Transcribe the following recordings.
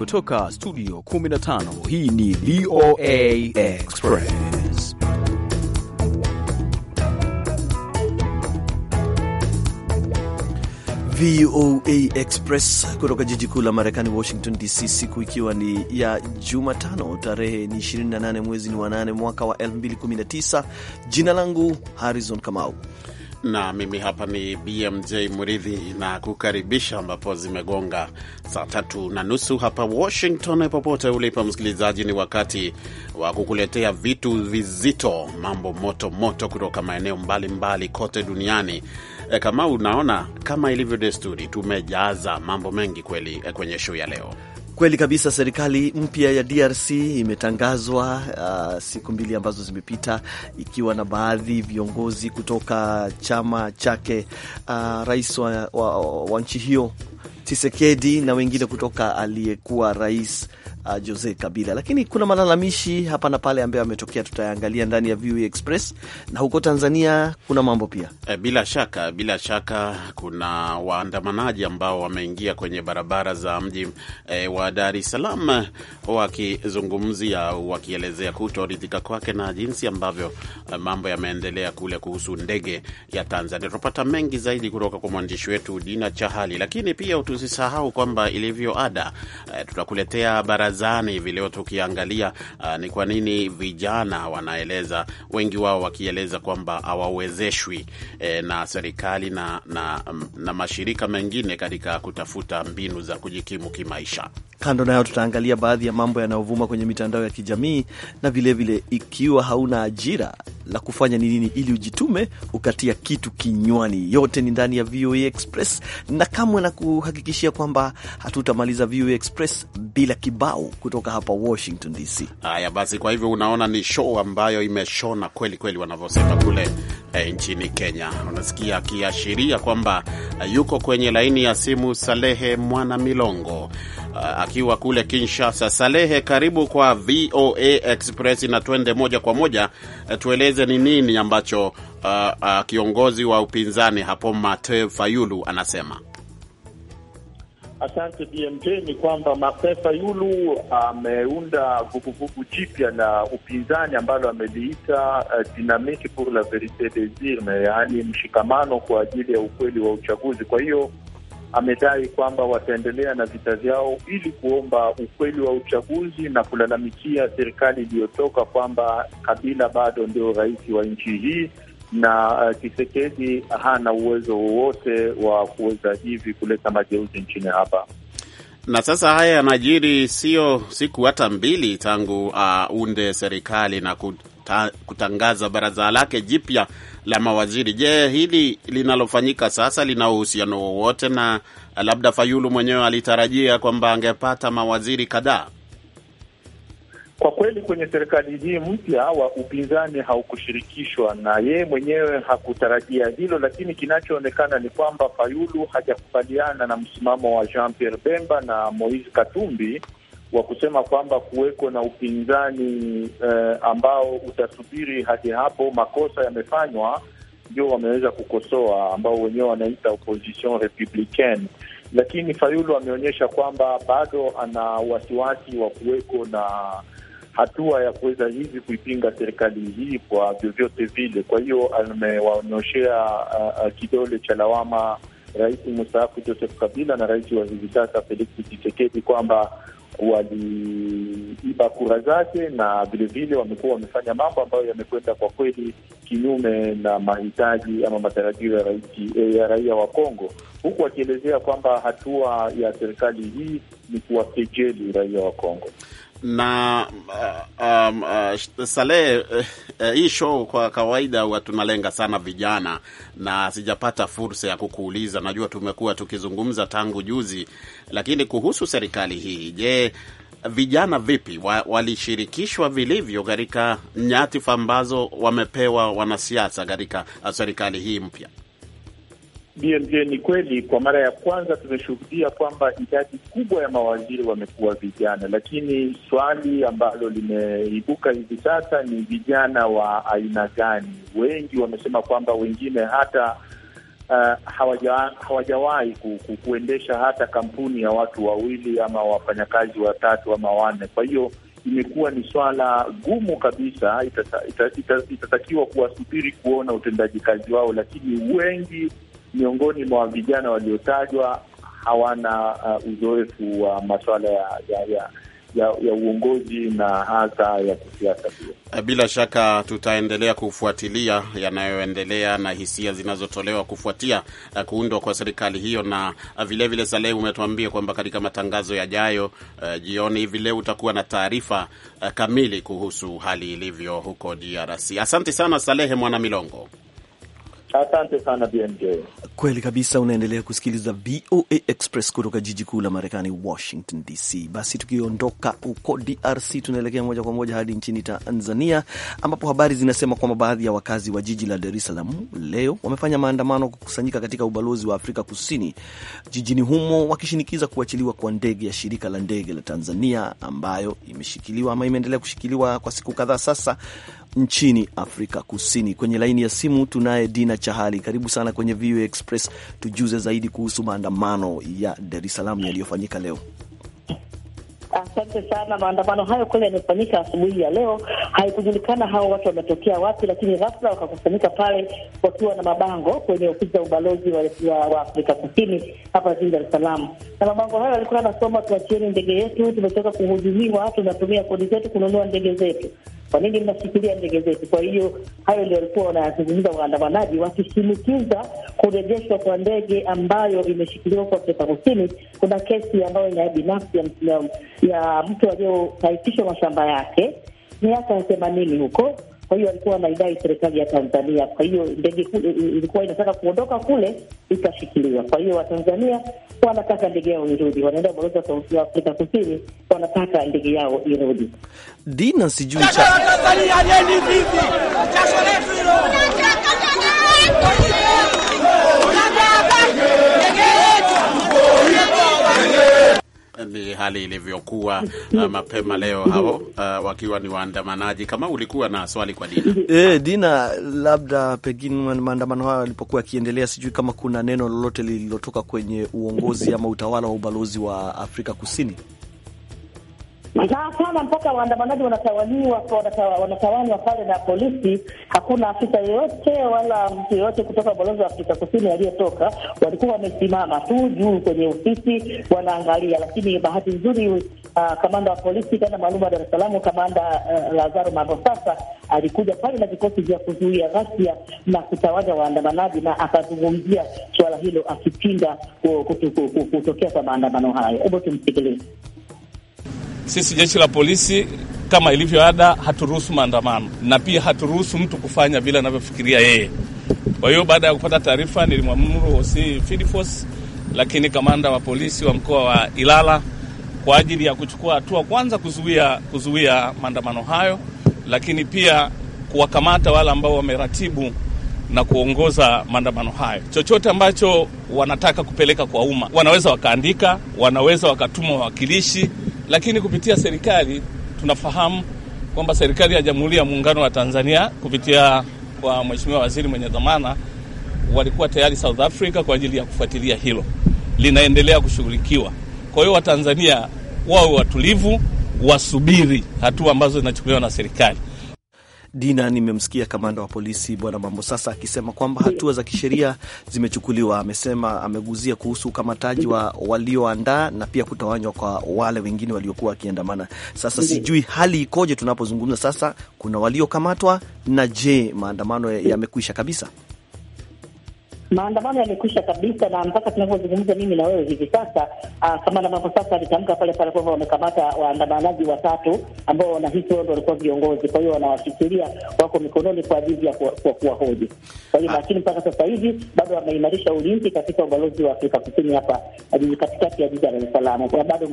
kutoka studio 15 hii ni VOA Express. VOA Express kutoka jiji kuu la Marekani, Washington DC, siku ikiwa ni ya Jumatano, tarehe ni 28 mwezi ni wa 8 mwaka wa 2019. Jina langu Harrison Kamau na mimi hapa ni BMJ Muridhi na kukaribisha, ambapo zimegonga saa tatu na nusu hapa Washington. Popote ulipo msikilizaji, ni wakati wa kukuletea vitu vizito, mambo moto moto kutoka maeneo mbalimbali mbali kote duniani. E, kama unaona, kama ilivyo desturi, tumejaza mambo mengi kweli e, kwenye show ya leo. Kweli kabisa, serikali mpya ya DRC imetangazwa uh, siku mbili ambazo zimepita, ikiwa na baadhi viongozi kutoka chama chake uh, rais wa, wa, wa nchi hiyo Tshisekedi na wengine kutoka aliyekuwa rais uh, Jose Kabila. Lakini kuna malalamishi hapa na pale ambayo ametokea, tutayaangalia ndani ya VOA Express. Na huko Tanzania kuna mambo pia e, bila shaka bila shaka kuna waandamanaji ambao wameingia kwenye barabara za mji e, wa Dar es Salaam wakizungumzia wakielezea kutoridhika kwake na jinsi ambavyo eh, mambo yameendelea kule kuhusu ndege ya Tanzania. Tunapata mengi zaidi kutoka kwa mwandishi wetu Dina Chahali, lakini pia tusisahau kwamba ilivyo ada e, tutakuletea bara barazani hivi leo tukiangalia uh, ni kwa nini vijana wanaeleza, wengi wao wakieleza kwamba hawawezeshwi eh, na serikali na, na, mm, na mashirika mengine katika kutafuta mbinu za kujikimu kimaisha. Kando nayo tutaangalia baadhi ya mambo yanayovuma kwenye mitandao ya kijamii na vilevile, ikiwa hauna ajira la kufanya ni nini ili ujitume ukatia kitu kinywani. Yote ni ndani ya VOA Express, na kamwe na kuhakikishia kwamba hatutamaliza VOA Express bila kibao kutoka hapa Washington DC. Haya basi, kwa hivyo unaona ni show ambayo imeshona kweli kweli, wanavyosema kule eh, nchini Kenya. Unasikia akiashiria kwamba eh, yuko kwenye laini ya simu Salehe Mwana Milongo Uh, akiwa kule Kinshasa. Salehe, karibu kwa VOA Express, na tuende moja kwa moja uh, tueleze ni nini ambacho uh, uh, kiongozi wa upinzani hapo Mate Fayulu anasema. Asante BMJ. Ni kwamba Martin Fayulu ameunda vuguvugu jipya la upinzani ambalo ameliita uh, Dynamique pour la verite des urnes, yaani mshikamano kwa ajili ya ukweli wa uchaguzi. Kwa hiyo amedai kwamba wataendelea na vita vyao ili kuomba ukweli wa uchaguzi na kulalamikia serikali iliyotoka kwamba Kabila bado ndio rais wa nchi hii na uh, eh, Kisekedi hana uwezo wowote wa kuweza hivi kuleta mageuzi nchini hapa. Na sasa haya yanajiri sio siku hata mbili tangu ah, aunde uh, serikali na kutangaza baraza lake jipya la mawaziri. Je, hili linalofanyika sasa lina uhusiano wowote na labda Fayulu mwenyewe alitarajia kwamba angepata mawaziri kadhaa? Kwa kweli kwenye serikali hii mpya wa upinzani haukushirikishwa na yeye mwenyewe hakutarajia hilo, lakini kinachoonekana ni kwamba Fayulu hajakubaliana na msimamo wa Jean Pierre Bemba na Moise Katumbi wa kusema kwamba kuweko na upinzani eh, ambao utasubiri hadi hapo makosa yamefanywa, ndio wameweza kukosoa, ambao wenyewe wanaita opposition republicaine. Lakini Fayulu ameonyesha kwamba bado ana wasiwasi wa kuweko na hatua ya kuweza hivi kuipinga serikali hii kwa vyovyote vile. Kwa hiyo amewaonyoshea uh, kidole cha lawama rais mstaafu Joseph Kabila na rais wa hivi sasa Felix Tshisekedi kwamba waliiba kura zake na vilevile wamekuwa wamefanya mambo ambayo yamekwenda kwa kweli kinyume na mahitaji ama matarajio ya raisi, eh, ya raia wa Kongo, huku wakielezea kwamba hatua ya serikali hii ni kuwakejeli raia wa Kongo na uh, um, uh, Saleh uh, uh, hii show kwa kawaida huwa tunalenga sana vijana, na sijapata fursa ya kukuuliza. Najua tumekuwa tukizungumza tangu juzi, lakini kuhusu serikali hii, je, vijana vipi wa, walishirikishwa vilivyo katika nyadhifa ambazo wamepewa wanasiasa katika uh, serikali hii mpya? BMJ, ni kweli kwa mara ya kwanza tumeshuhudia kwamba idadi kubwa ya mawaziri wamekuwa vijana, lakini swali ambalo limeibuka hivi sasa ni vijana wa aina gani? Wengi wamesema kwamba wengine hata uh, hawaja, hawajawahi ku, ku, kuendesha hata kampuni ya watu wawili ama wafanyakazi watatu ama wanne. Kwa hiyo imekuwa ni swala gumu kabisa, itatakiwa ita, ita, ita kuwasubiri kuona utendaji kazi wao, lakini wengi miongoni mwa vijana waliotajwa hawana uh, uzoefu wa uh, masuala ya, ya, ya ya, ya uongozi na hasa ya kisiasa pia. Eh, bila shaka tutaendelea kufuatilia yanayoendelea na hisia zinazotolewa kufuatia eh, kuundwa kwa serikali hiyo, na eh, vilevile, Saleh, umetuambia kwamba katika matangazo yajayo uh, jioni hivi leo utakuwa na taarifa uh, kamili kuhusu hali ilivyo huko DRC. Asante sana Salehe Mwana Milongo. Asante sana BMJ. Kweli kabisa, unaendelea kusikiliza VOA Express kutoka jiji kuu la Marekani, Washington DC. Basi tukiondoka huko DRC, tunaelekea moja kwa moja hadi nchini Tanzania, ambapo habari zinasema kwamba baadhi ya wakazi wa jiji la Dar es Salaam leo wamefanya maandamano kukusanyika katika ubalozi wa Afrika Kusini jijini humo, wakishinikiza kuachiliwa kwa ndege ya shirika la ndege la Tanzania ambayo imeshikiliwa ama imeendelea kushikiliwa kwa siku kadhaa sasa, nchini Afrika Kusini. Kwenye laini ya simu tunaye Dina Chahali, karibu sana kwenye VOA Express. Tujuze zaidi kuhusu maandamano ya Dar es Salaam yaliyofanyika leo. Asante sana. Maandamano hayo kweli yamefanyika asubuhi ya leo. Haikujulikana hawa watu wametokea wapi, lakini ghafla wakakusanyika pale wakiwa na mabango kwenye ofisi za ubalozi wa, wa Afrika Kusini hapa jijini Dar es Salaam, na mabango hayo yalikuwa yanasoma, tuachieni ndege yetu, tumetoka kuhujumiwa, tunatumia kodi zetu kununua ndege zetu. Kwa nini mnashikilia ndege zetu? Kwa hiyo hayo ndio walikuwa wanazungumza waandamanaji, wakishinikiza kurejeshwa kwa ndege ambayo imeshikiliwa kwa Afrika Kusini. Kuna kesi ambayo ina ya binafsi ya mtu aliyotaifishwa mashamba yake miaka ya themanini huko kwa hiyo alikuwa anaidai serikali ya Tanzania. Kwa hiyo ndege ilikuwa inataka kuondoka kule, ikashikiliwa. Kwa hiyo Watanzania wanataka ndege yao irudi, wanaenda balozi wa Sauti ya Afrika Kusini, wanataka ndege yao irudi. Dina sijui cha Tanzania vipi, jasho letu hilo ni hali ilivyokuwa uh, mapema leo hao uh, wakiwa ni waandamanaji. Kama ulikuwa na swali kwa Dina e, Dina, labda pengine maandamano hayo yalipokuwa yakiendelea, sijui kama kuna neno lolote lililotoka kwenye uongozi ama utawala wa ubalozi wa Afrika Kusini masaa sana mpaka waandamanaji wanatawaniwa wanatawanywa pale na polisi. Hakuna afisa yeyote wala mtu yeyote kutoka ubalozi wa Afrika Kusini aliyetoka, walikuwa wamesimama tu juu kwenye ofisi wanaangalia. Lakini bahati nzuri, uh, kamanda wa polisi kanda maalum wa Dar es Salaam, kamanda uh, Lazaro sasa alikuja pale na vikosi vya kuzuia ghasia na kutawanya waandamanaji, na akazungumzia suala hilo akipinga kutokea kwa maandamano hayo. Hebu tumsikilize. Sisi jeshi la polisi kama ilivyo ada, haturuhusu maandamano na pia haturuhusu mtu kufanya vile anavyofikiria yeye. Kwa hiyo baada ya kupata taarifa, nilimwamuru OC Field Force, lakini kamanda wa polisi wa mkoa wa Ilala kwa ajili ya kuchukua hatua, kwanza kuzuia kuzuia maandamano hayo, lakini pia kuwakamata wale ambao wameratibu na kuongoza maandamano hayo. Chochote ambacho wanataka kupeleka kwa umma, wanaweza wakaandika, wanaweza wakatuma wawakilishi lakini kupitia serikali tunafahamu kwamba serikali ya Jamhuri ya Muungano wa Tanzania kupitia kwa Mheshimiwa Waziri mwenye dhamana walikuwa tayari South Africa kwa ajili ya kufuatilia hilo, linaendelea kushughulikiwa. Kwa hiyo Watanzania wawe watulivu, wasubiri hatua ambazo zinachukuliwa na serikali. Dina, nimemsikia kamanda wa polisi bwana mambo sasa akisema kwamba hatua za kisheria zimechukuliwa. Amesema ameguzia kuhusu ukamataji wa walioandaa na pia kutawanywa kwa wale wengine waliokuwa wakiandamana. Sasa sijui hali ikoje tunapozungumza sasa, kuna waliokamatwa na je, maandamano yamekwisha kabisa? maandamano yamekwisha kabisa, na mpaka tunavyozungumza mimi na wewe hivi sasa, ah, kama ambavyo sasa alitamka pale pale kwamba wamekamata waandamanaji watatu ambao wanahisi wao ndio walikuwa viongozi, kwa hiyo wanawashikilia, wako mikononi kwa ajili ya kuwahoji. Kwa hiyo ah. lakini mpaka sasa hivi bado wameimarisha ulinzi katika ubalozi wa Afrika Kusini hapa ajili ah, katikati ya jiji la Dar es Salaam, kwa bado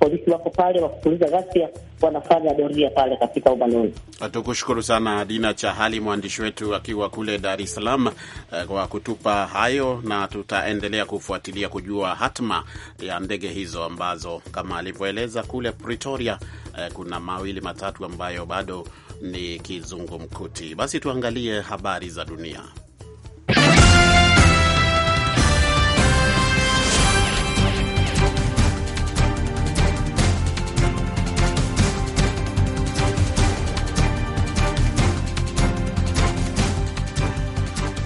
polisi wako pale wa kupuliza ghasia, wanafanya doria pale katika ubalozi. Tukushukuru sana Dina Chahali, mwandishi wetu akiwa kule Dar es Salaam, eh, kwa kutupa hayo na tutaendelea kufuatilia kujua hatma ya ndege hizo ambazo kama alivyoeleza kule Pretoria, eh, kuna mawili matatu ambayo bado ni kizungumkuti. Basi tuangalie habari za dunia.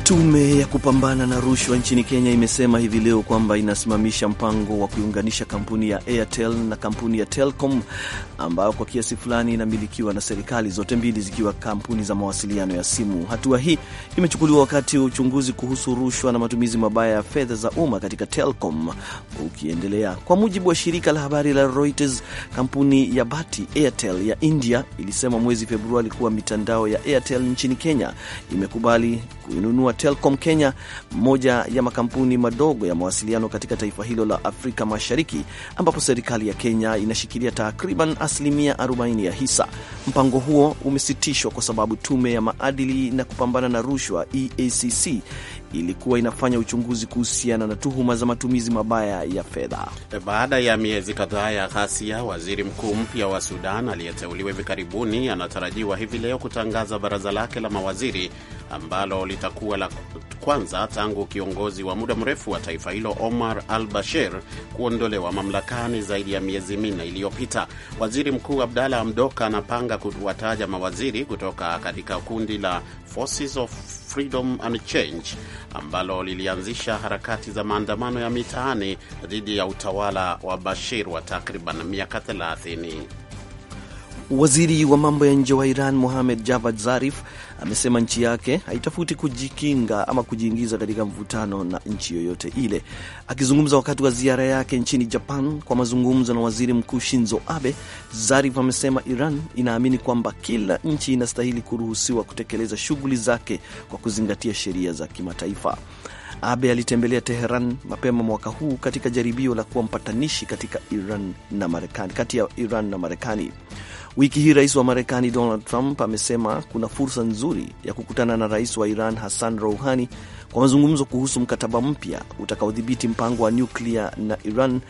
Tume ya kupambana na rushwa nchini Kenya imesema hivi leo kwamba inasimamisha mpango wa kuiunganisha kampuni ya Airtel na kampuni ya Telcom ambayo kwa kiasi fulani inamilikiwa na serikali, zote mbili zikiwa kampuni za mawasiliano ya simu. Hatua hii imechukuliwa wakati wa uchunguzi kuhusu rushwa na matumizi mabaya ya fedha za umma katika Telcom ukiendelea. Kwa mujibu wa shirika la habari la Reuters, kampuni ya bati Airtel ya India ilisema mwezi Februari kuwa mitandao ya Airtel nchini Kenya imekubali kuinunua Telcom Kenya, moja ya makampuni madogo ya mawasiliano katika taifa hilo la Afrika Mashariki, ambapo serikali ya Kenya inashikilia takriban asilimia 40 ya hisa. Mpango huo umesitishwa kwa sababu tume ya maadili na kupambana na rushwa EACC ilikuwa inafanya uchunguzi kuhusiana na tuhuma za matumizi mabaya ya fedha. E, baada ya miezi kadhaa ya ghasia, waziri mkuu mpya wa Sudan aliyeteuliwa hivi karibuni anatarajiwa hivi leo kutangaza baraza lake la mawaziri ambalo litakuwa la kwanza tangu kiongozi wa muda mrefu wa taifa hilo Omar al Bashir kuondolewa mamlakani zaidi ya miezi minne iliyopita. Waziri Mkuu Abdalla Hamdok anapanga kuwataja mawaziri kutoka katika kundi la Forces of Freedom and Change ambalo lilianzisha harakati za maandamano ya mitaani dhidi ya utawala wa Bashir wa takriban miaka 30. Waziri wa mambo ya nje wa Iran Mohamed Javad Zarif amesema nchi yake haitafuti kujikinga ama kujiingiza katika mvutano na nchi yoyote ile. Akizungumza wakati wa ziara yake nchini Japan kwa mazungumzo na waziri mkuu Shinzo Abe, Zarif amesema Iran inaamini kwamba kila nchi inastahili kuruhusiwa kutekeleza shughuli zake kwa kuzingatia sheria za kimataifa. Abe alitembelea Teheran mapema mwaka huu katika jaribio la kuwa mpatanishi katika Iran na Marekani, kati ya Iran na Marekani. Wiki hii rais wa Marekani Donald Trump amesema kuna fursa nzuri ya kukutana na rais wa Iran Hassan Rouhani kwa mazungumzo kuhusu mkataba mpya utakaodhibiti mpango wa nyuklia na Iran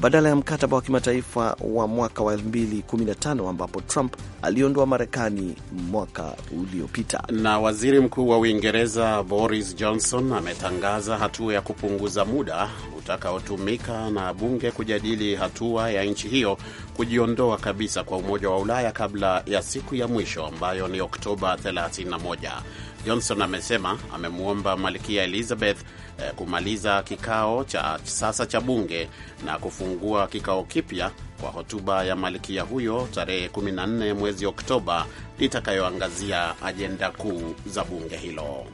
badala ya mkataba wa kimataifa wa mwaka wa 2015 ambapo Trump aliondoa Marekani mwaka uliopita. Na waziri mkuu wa Uingereza Boris Johnson ametangaza hatua ya kupunguza muda utakaotumika na bunge kujadili hatua ya nchi hiyo kujiondoa kabisa kwa Umoja wa Ulaya kabla ya siku ya mwisho ambayo ni Oktoba 31. Johnson amesema amemwomba Malkia Elizabeth eh, kumaliza kikao cha sasa cha bunge na kufungua kikao kipya kwa hotuba ya malkia huyo tarehe 14 mwezi Oktoba itakayoangazia ajenda kuu za bunge hilo.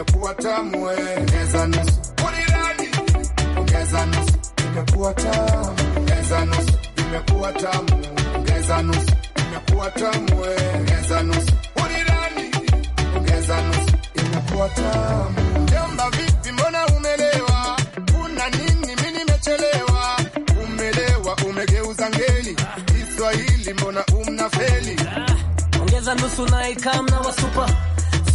imekuwa tamu eh. ongeza nusu, ongeza nusu, imekuwa tamu ongeza nusu, imekuwa tamu ongeza nusu, imekuwa tamu eh. ongeza nusu, ongeza nusu, imekuwa tamu. Jamba vipi, mbona umelewa? Kuna nini? Mimi nimechelewa. Umelewa, umegeuza ngeli Kiswahili, mbona umnafeli? Ongeza nusu na ikamna wasupa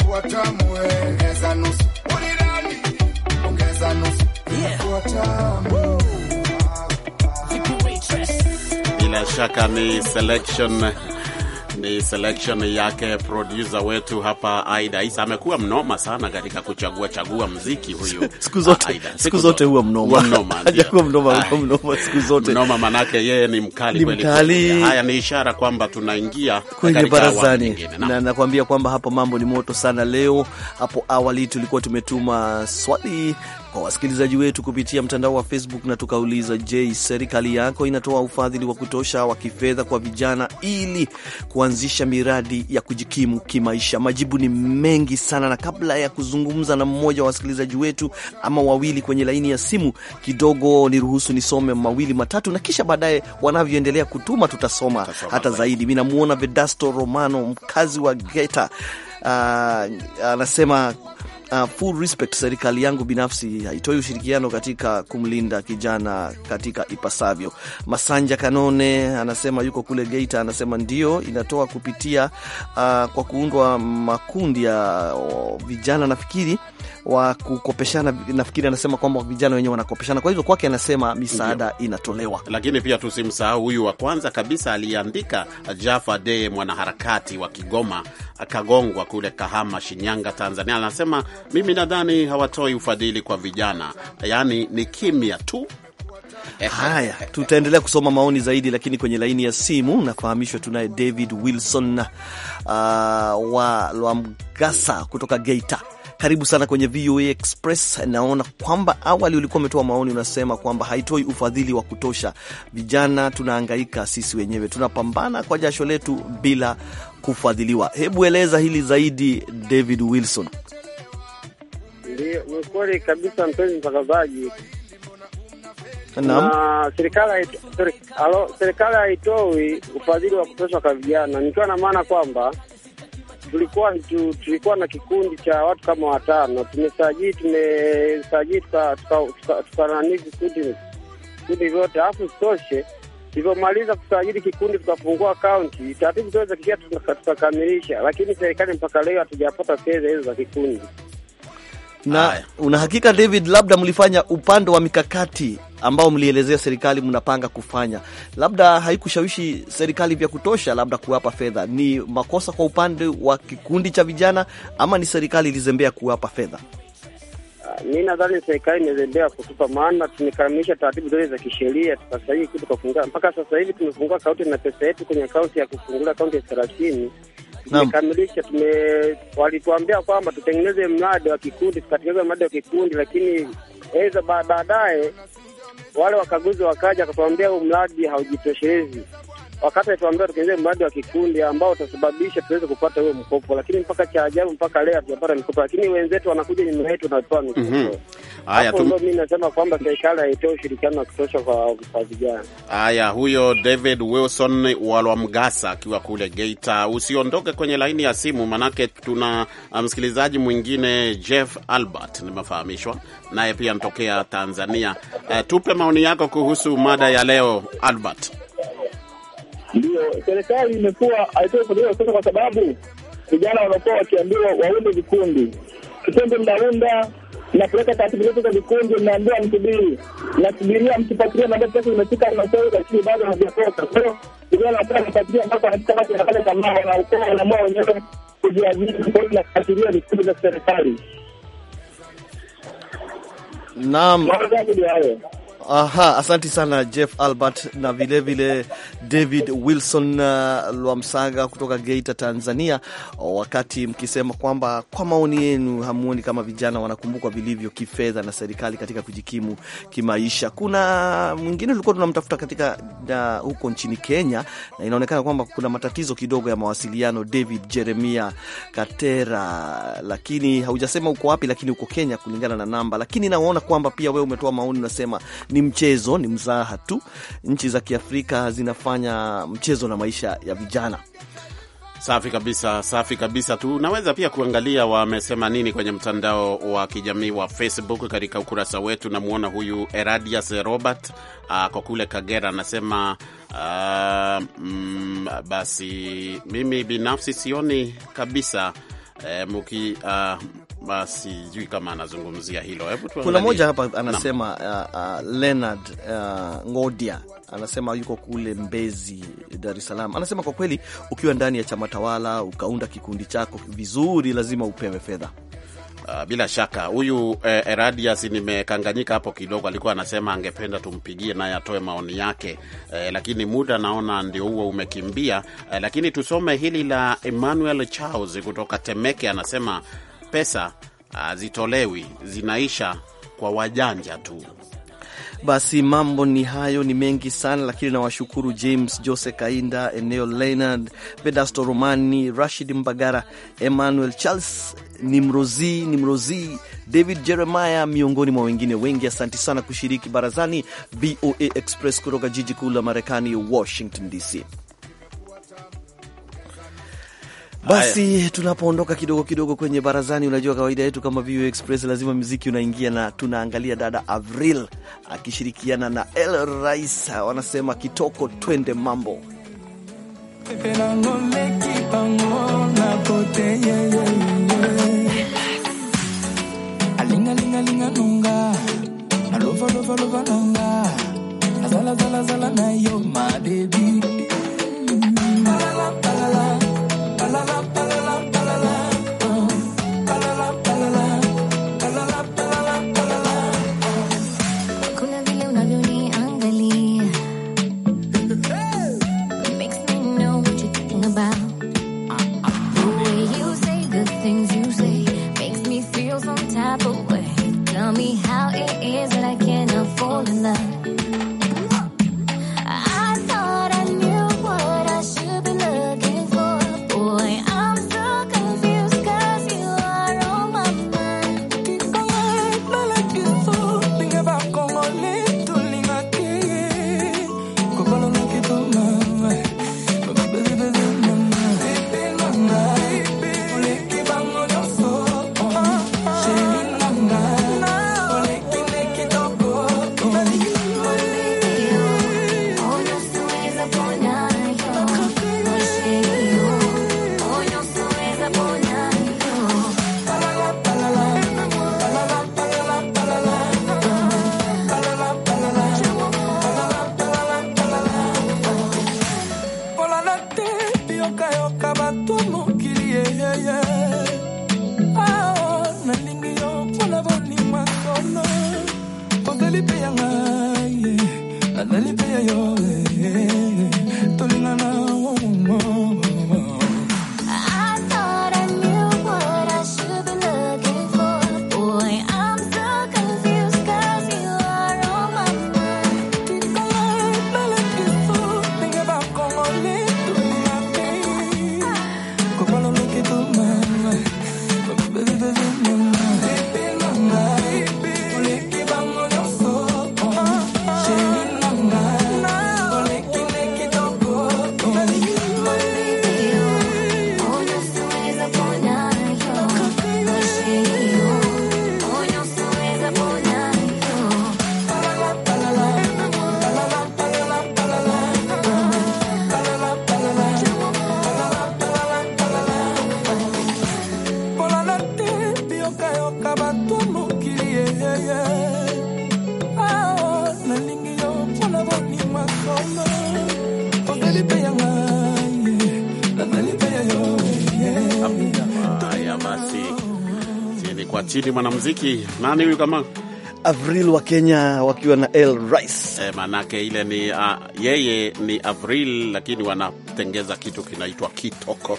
inakuwa tamu, eh. ongeza nusu, ongeza nusu, inakuwa tamu. Bila shaka ni selection ni selection yake producer wetu hapa Aida Isa. Amekuwa mnoma sana katika kuchagua chagua mziki huyu siku zote, siku zote huwa mnoma mnoma, hajakuwa mnoma mnoma siku zote mnoma, manake yeye ni mkali kweli. Haya ni ishara kwamba tunaingia kwenye barazani, na nakwambia kwamba hapa mambo ni moto sana leo. Hapo awali tulikuwa tumetuma swali kwa wasikilizaji wetu kupitia mtandao wa Facebook na tukauliza, je, serikali yako inatoa ufadhili wa kutosha wa kifedha kwa vijana ili kuanzisha miradi ya kujikimu kimaisha? Majibu ni mengi sana, na kabla ya kuzungumza na mmoja wa wasikilizaji wetu ama wawili kwenye laini ya simu, kidogo niruhusu nisome mawili matatu, na kisha baadaye wanavyoendelea kutuma tutasoma hata zaidi. Mi namuona Vedasto Romano, mkazi wa Geta, uh, anasema uh, uh, uh, full respect, serikali yangu binafsi haitoi ushirikiano katika kumlinda kijana katika ipasavyo. Masanja Kanone anasema yuko kule Geita, anasema ndio inatoa kupitia uh, kwa kuundwa makundi ya uh, vijana nafikiri wa kukopeshana. Nafikiri anasema kwamba vijana wenyewe wanakopeshana, kwa hivyo kwake anasema misaada inatolewa. Lakini pia tusimsahau huyu wa kwanza kabisa aliyeandika, Jafa De, mwanaharakati wa Kigoma, akagongwa kule Kahama, Shinyanga, Tanzania. Anasema mimi nadhani hawatoi ufadhili kwa vijana, yaani ni kimya tu. Eh, Haya, eh, eh. tutaendelea kusoma maoni zaidi, lakini kwenye laini ya simu nafahamishwa tunaye David Wilson uh, wa Lwamgasa kutoka Geita. Karibu sana kwenye VOA Express. Naona kwamba awali ulikuwa umetoa maoni, unasema kwamba haitoi ufadhili wa kutosha. Vijana tunahangaika sisi wenyewe, tunapambana kwa jasho letu bila kufadhiliwa. Hebu eleza hili zaidi, David Wilson. Ndio, ni kabisa, mpenzi mtangazaji. Naam, serikali haitoi ufadhili wa kutosha kwa vijana, nikiwa na maana kwamba tulikuwa tu, tulikuwa na kikundi cha watu kama watano, tumesajili tumesajili tukanani vikundi vikundi vyote, alafu sitoshe tulivyomaliza kusajili kikundi tukafungua kaunti, taratibu zote za kisha tukakamilisha, lakini serikali mpaka leo hatujapata fedha hizo za kikundi. Na una hakika David, labda mlifanya upande wa mikakati ambao mlielezea serikali mnapanga kufanya, labda haikushawishi serikali vya kutosha, labda kuwapa fedha. Ni makosa kwa upande wa kikundi cha vijana ama ni serikali ilizembea kuwapa fedha? Ah, mi nadhani serikali imezembea kutupa, maana tumekamilisha taratibu zote za kisheria tukasahii kitu tukafungua. Mpaka sasa hivi tumefungua akaunti na pesa yetu kwenye akaunti ya kufungula akaunti ya thelathini tumekamilisha. Tume walituambia kwamba tutengeneze mradi wa kikundi, tukatengeneza mradi wa kikundi, lakini eza baadaye wale wakaguzi wakaja, huu mradi haujitoshelezi wakati alituambia tukiingia mradi wa kikundi ambao utasababisha tuweze kupata huyo mkopo, lakini mpaka cha ajabu, mpaka leo hatujapata mkopo, lakini wenzetu wanakuja nyuma yetu wanatoa mikopo. mm -hmm. Tum... mimi nasema kwamba serikali haitoe ushirikiano wa kutosha kwa kwa vijana. Haya, huyo David Wilson walwa Mgasa akiwa kule Geita. Usiondoke kwenye laini ya simu, manake tuna uh, msikilizaji mwingine Jeff Albert, nimefahamishwa naye pia anatokea Tanzania. Uh, tupe maoni yako kuhusu mada ya leo Albert. Ndio, serikali imekuwa haitoi kutolea sasa, kwa sababu vijana wanakuwa wakiambiwa waunde vikundi, kikundi mnaunda napeleka taratibu zetu za vikundi, mnaambiwa msubiri, nasubiria mkipatilia, mandati pesa imefika halmashauri, lakini bado hazijatoka. Kwa hiyo vijana wakuwa wanafuatilia mpaka wanafika basi nakale tamaa, wanaokoa wanamua wenyewe kujiajiri tofauti na kufuatilia vikundi vya serikali. Naam. Mambo yangu ndio hayo. Aha, asanti sana Jeff Albert na vilevile vile David Wilson uh, Lwamsaga kutoka Geita, Tanzania, wakati mkisema kwamba kwa maoni yenu hamuoni kama vijana wanakumbukwa vilivyo kifedha na serikali katika kujikimu kimaisha. Kuna mwingine tulikuwa tunamtafuta katika na, huko nchini Kenya, na inaonekana kwamba kuna matatizo kidogo ya mawasiliano, David Jeremia Katera, lakini haujasema uko wapi, lakini uko Kenya kulingana na namba, lakini naona kwamba pia wewe umetoa maoni unasema ni mchezo, ni mzaha tu. Nchi za Kiafrika zinafanya mchezo na maisha ya vijana. Safi kabisa, safi kabisa. Tunaweza pia kuangalia wamesema nini kwenye mtandao wa kijamii wa Facebook katika ukurasa wetu. Namwona huyu Eradius Robert ah, kwa kule Kagera anasema uh, mm, basi mimi binafsi sioni kabisa uh, muki, uh, basi sijui kama anazungumzia hilo. Hebu tuangalie, kuna moja hapa anasema uh, uh, Leonard uh, Ngodia anasema yuko kule Mbezi, Dar es Salaam. Anasema kwa kweli, ukiwa ndani ya chama tawala ukaunda kikundi chako vizuri, lazima upewe fedha. Uh, bila shaka huyu eh, Eradias nimekanganyika hapo kidogo, alikuwa anasema angependa tumpigie naye atoe maoni yake eh, lakini muda naona ndio huo umekimbia eh, lakini tusome hili la Emmanuel Charles kutoka Temeke anasema pesa hazitolewi, ah, zinaisha kwa wajanja tu. Basi mambo ni hayo, ni mengi sana lakini nawashukuru James Jose Kainda, Eneo Leonard, Pedasto Romani, Rashid Mbagara, Emmanuel Charles Nimrozi, Nimrozi, David Jeremiah, miongoni mwa wengine wengi. Asante sana kushiriki barazani VOA Express kutoka jiji kuu la Marekani, Washington DC. Basi tunapoondoka kidogo kidogo kwenye barazani, unajua kawaida yetu kama VU Express lazima muziki unaingia, na tunaangalia dada Avril akishirikiana na El Rais, wanasema kitoko, twende mambo muziki. Nani huyu kama Avril wa Kenya wakiwa na L Rice. E, manake ile ni uh, yeye ni Avril lakini wanatengeza kitu kinaitwa kitoko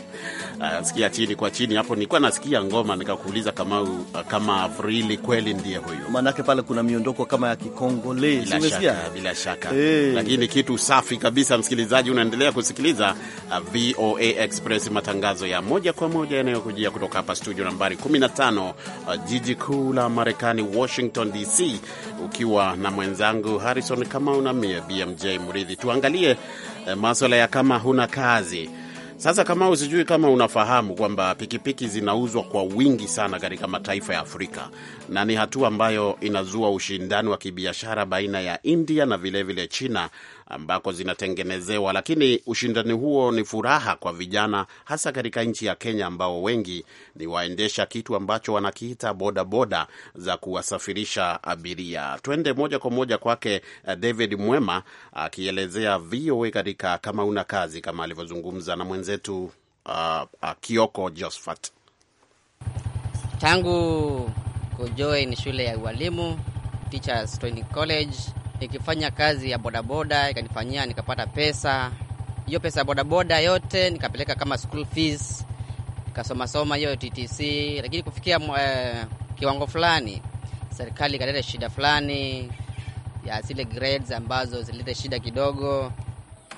Ah, nasikia chini kwa chini hapo, nilikuwa nasikia ngoma nikakuuliza kama kama Avrili kweli ndiye huyo, maanake pale kuna miondoko kama ya Kikongole. Bila shaka, bila shaka. Hey. Eh. Lakini kitu safi kabisa, msikilizaji, unaendelea kusikiliza ah, VOA Express, matangazo ya moja kwa moja yanayokujia kutoka hapa studio nambari 15 ah, jiji kuu la Marekani, Washington DC, ukiwa na mwenzangu Harrison Kamau na mie BMJ Mridhi. Tuangalie eh, maswala ya kama huna kazi sasa kama usijui kama unafahamu kwamba pikipiki zinauzwa kwa wingi sana katika mataifa ya Afrika na ni hatua ambayo inazua ushindani wa kibiashara baina ya India na vilevile vile China ambako zinatengenezewa, lakini ushindani huo ni furaha kwa vijana, hasa katika nchi ya Kenya ambao wengi ni waendesha kitu ambacho wanakiita bodaboda za kuwasafirisha abiria. Twende moja kwa moja kwake eh, David Mwema akielezea VOA katika kama una kazi, kama alivyozungumza na mwenzetu uh, Kioko Josephat. Tangu kujoin shule ya ualimu Teachers Training College nikifanya kazi ya bodaboda ikanifanyia, nikapata pesa hiyo. Pesa ya bodaboda yote nikapeleka kama school fees, soma hiyo TTC, lakini kufikia eh, kiwango fulani serikali ikaleta shida fulani ya zile grades ambazo zilileta shida kidogo,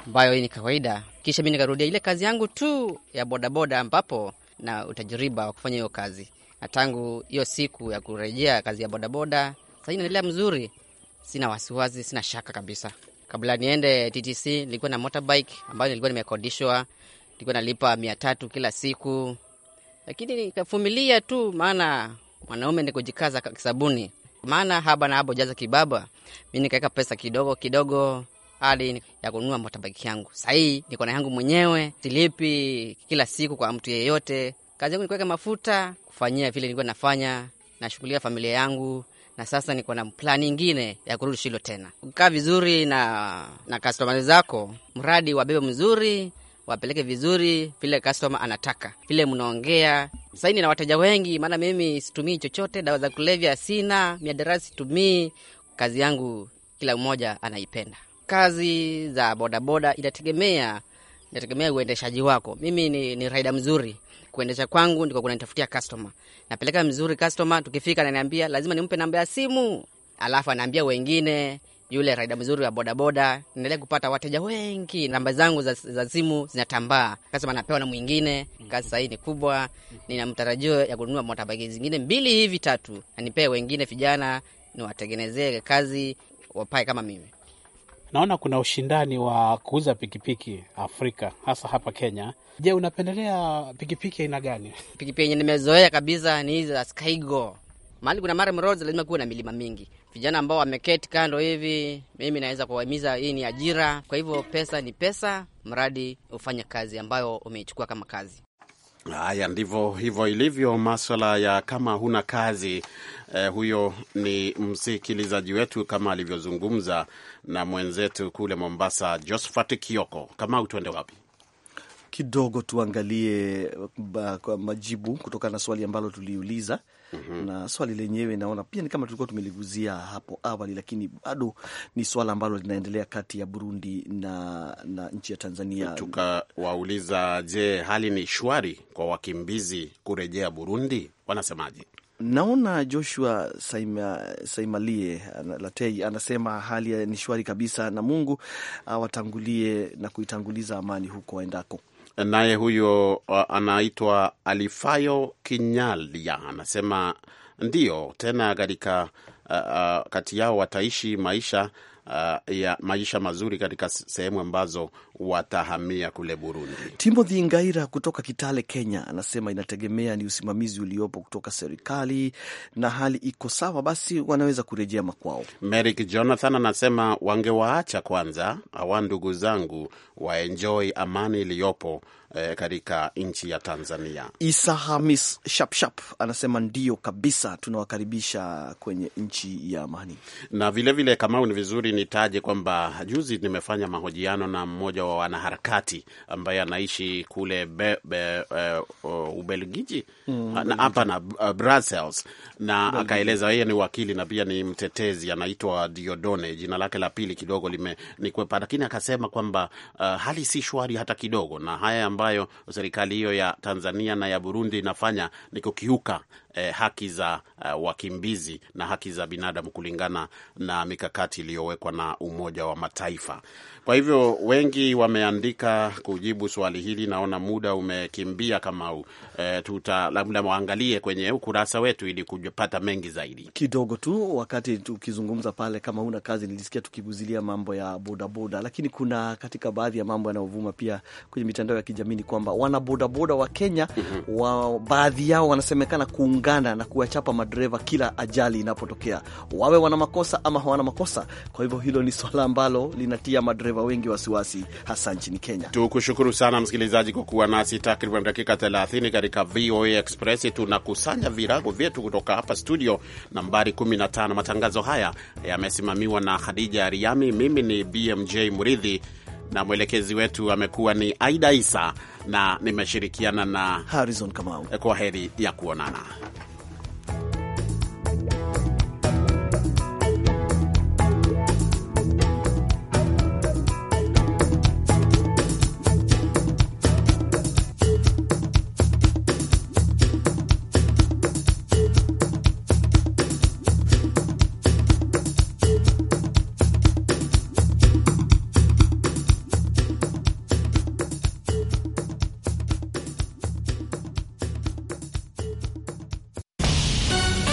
ambayo hii ni kawaida. Kisha mi nikarudia ile kazi yangu tu ya bodaboda, ambapo na utajiriba wa kufanya hiyo kazi, na tangu hiyo siku ya kurejea kazi ya bodaboda sasa inaendelea mzuri sina wasiwasi, sina shaka kabisa. Kabla niende TTC nilikuwa na motorbike ambayo nilikuwa nimekodishwa, nilikuwa nalipa mia tatu kila siku, lakini nikafumilia tu, maana mwanaume ni kujikaza kisabuni, maana haba na habo jaza kibaba. Mi nikaweka pesa kidogo kidogo hadi ya kununua motorbike yangu. Sahii niko na yangu mwenyewe, silipi kila siku kwa mtu yeyote. Kazi yangu ni kuweka mafuta, kufanyia vile nilikuwa nafanya, nashughulia familia yangu na sasa niko na plani ingine ya kurudi Shilo tena, kukaa vizuri na na customer zako, mradi wabebe mzuri, wapeleke vizuri vile customer anataka, vile mnaongea saini na wateja wengi. Maana mimi situmii chochote, dawa za kulevya sina, miadarasi situmii. Kazi yangu kila mmoja anaipenda. Kazi za bodaboda inategemea inategemea uendeshaji wako. Mimi ni, ni raida mzuri, kuendesha kwangu ndiko kunanitafutia customer napeleka mzuri customer, tukifika ananiambia lazima nimpe namba ya simu, alafu anaambia wengine yule raida mzuri wa bodaboda, naendelea kupata wateja wengi, namba zangu za, za simu zinatambaa, kasema napewa na mwingine. Kazi sahii ni kubwa, nina mtarajio ya kununua motabaki zingine mbili hivi tatu, nanipee wengine vijana niwatengenezee kazi wapae kama mimi. Naona kuna ushindani wa kuuza pikipiki Afrika, hasa hapa Kenya. Je, unapendelea pikipiki aina gani? Pikipiki yenye nimezoea kabisa ni hizi za Skygo. Mahali kuna maram roads, lazima kuwe na milima mingi. Vijana ambao wameketi kando hivi, mimi naweza kuwahimiza, hii ni ajira. Kwa hivyo pesa ni pesa, mradi ufanye kazi ambayo umeichukua kama kazi. Haya, ndivyo hivyo ilivyo maswala ya kama huna kazi eh. Huyo ni msikilizaji wetu kama alivyozungumza na mwenzetu kule Mombasa, josphat Kioko. Kama tuende wapi? Kidogo tuangalie kwa majibu kutokana na swali ambalo tuliuliza. Mm -hmm. Na swali lenyewe naona pia ni kama tulikuwa tumeliguzia hapo awali, lakini bado ni swala ambalo linaendelea kati ya Burundi na, na nchi ya Tanzania. Tukawauliza, je, hali ni shwari kwa wakimbizi kurejea Burundi? Wanasemaje? Naona Joshua Saima, Saimalie Latei anasema hali ni shwari kabisa, na Mungu awatangulie na kuitanguliza amani huko waendako. Naye huyo anaitwa Alifayo Kinyalia anasema ndiyo tena katika uh, uh, kati yao wataishi maisha uh, ya maisha mazuri katika sehemu ambazo watahamia kule Burundi. Timothy Ngaira kutoka Kitale, Kenya, anasema inategemea ni usimamizi uliopo kutoka serikali, na hali iko sawa, basi wanaweza kurejea makwao. Merik Jonathan anasema wangewaacha kwanza, hawa ndugu zangu waenjoi amani iliyopo eh, katika nchi ya Tanzania. Isa Hamis Shapshap anasema ndio kabisa, tunawakaribisha kwenye nchi ya amani. Na vilevile, Kamau, ni vizuri nitaje kwamba juzi nimefanya mahojiano na mmoja wa wanaharakati ambaye anaishi kule be, be, uh, Ubelgiji hapa mm, na uh, Brussels na Akaeleza yeye ni wakili na pia ni mtetezi, anaitwa Diodone, jina lake la pili kidogo limenikwepa, lakini akasema kwamba uh, hali si shwari hata kidogo na haya ambayo ambayo serikali hiyo ya Tanzania na ya Burundi inafanya ni kukiuka eh, haki za eh, wakimbizi na haki za binadamu kulingana na mikakati iliyowekwa na Umoja wa Mataifa. Kwa hivyo wengi wameandika kujibu swali hili. Naona muda umekimbia kama u, eh, tuta labda waangalie kwenye ukurasa wetu ili kupata mengi zaidi kidogo tu. Wakati tukizungumza pale, kama una kazi, nilisikia tukibuzilia mambo ya bodaboda, lakini kuna katika baadhi ya mambo yanayovuma pia kwenye mitandao ya kijamii ni kwamba wana bodaboda wa Kenya mhm. wa baadhi yao wanasemekana kuunga Uganda na kuwachapa madereva kila ajali inapotokea, wawe wana makosa ama hawana makosa. Kwa hivyo hilo ni swala ambalo linatia madereva wengi wasiwasi, hasa nchini Kenya. Tukushukuru sana msikilizaji kwa kuwa nasi takriban dakika 30 katika VOA Express. Tunakusanya virago vyetu kutoka hapa studio nambari 15. Matangazo haya yamesimamiwa na Khadija Riami, mimi ni BMJ Muridhi na mwelekezi wetu amekuwa ni Aida Isa na nimeshirikiana na Harrison Kamau. Kwa heri ya kuonana.